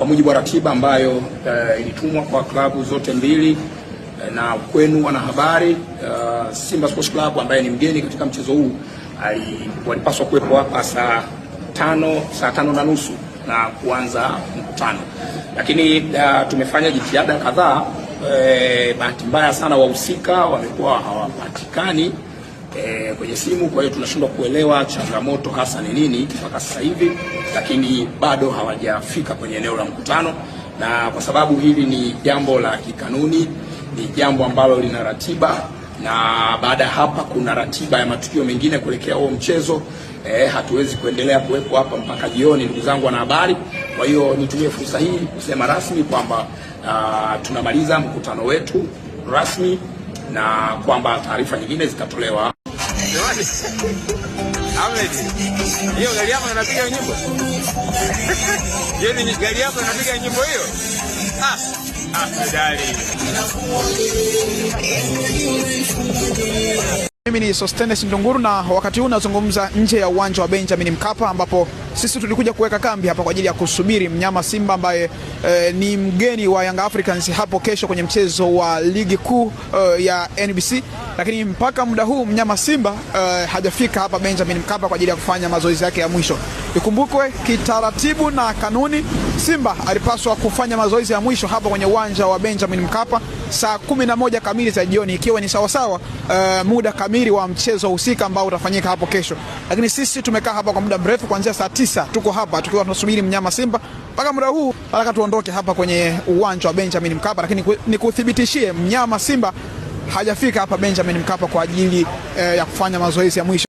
kwa mujibu wa ratiba ambayo uh, ilitumwa kwa klabu zote mbili eh, na kwenu wanahabari. Uh, Simba Sports Club ambaye ni mgeni katika mchezo huu walipaswa kuwepo hapa saa tano, saa tano na nusu na kuanza mkutano, lakini uh, tumefanya jitihada kadhaa. bahati mbaya sana wahusika wamekuwa hawapatikani e, kwenye simu. Kwa hiyo tunashindwa kuelewa changamoto hasa ni nini mpaka sasa hivi, lakini bado hawajafika kwenye eneo la mkutano, na kwa sababu hili ni jambo la kikanuni, ni jambo ambalo lina ratiba na baada ya hapa kuna ratiba ya matukio mengine kuelekea huo mchezo e, hatuwezi kuendelea kuwepo hapa mpaka jioni, ndugu zangu wanahabari. Kwa hiyo nitumie fursa hii kusema rasmi kwamba tunamaliza mkutano wetu rasmi na kwamba taarifa nyingine zitatolewa hiyo gari yako inapiga nyimbo hiyo, ni gari yako inapiga nyimbo hiyo. Ah, ah, dali mimi ni Sostenes Ndunguru na wakati huu nazungumza nje ya uwanja wa Benjamin Mkapa ambapo sisi tulikuja kuweka kambi hapa kwa ajili ya kusubiri mnyama Simba ambaye e, ni mgeni wa Young Africans hapo kesho kwenye mchezo wa ligi kuu e, ya NBC, lakini mpaka muda huu mnyama Simba e, hajafika hapa Benjamin Mkapa kwa ajili ya kufanya mazoezi yake ya mwisho. Ikumbukwe kitaratibu na kanuni, Simba alipaswa kufanya mazoezi ya mwisho hapa kwenye uwanja wa Benjamin Mkapa saa 11 kamili za jioni, ikiwa ni sawasawa uh, eh, muda kamili wa mchezo husika ambao utafanyika hapo kesho. Lakini sisi tumekaa hapa kwa muda mrefu, kuanzia saa tisa tuko hapa tukiwa tunasubiri mnyama Simba mpaka muda huu, nataka tuondoke hapa kwenye uwanja wa Benjamin Mkapa, lakini nikuthibitishie mnyama Simba hajafika hapa Benjamin Mkapa kwa ajili uh, ya kufanya mazoezi ya mwisho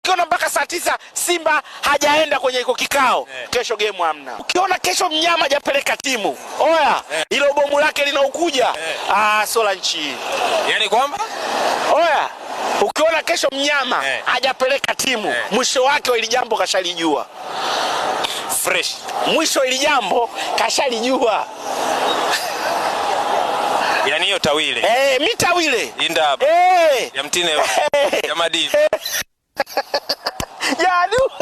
saa tisa Simba hajaenda kwenye iko kikao yeah. Kesho gemu hamna. Ukiona kesho mnyama hajapeleka timu oya, yeah. Ilo bomu lake linaukuja yeah. Ah, sola nchi yani kwamba oya ukiona kesho mnyama eh. hajapeleka hey. timu hey. Eh. mwisho wake wa ili jambo kashalijua fresh, mwisho ili jambo kashalijua yani hiyo tawile hey, eh, mi tawile hey. ya mtine hey. ya madini hey. Yeah, I do.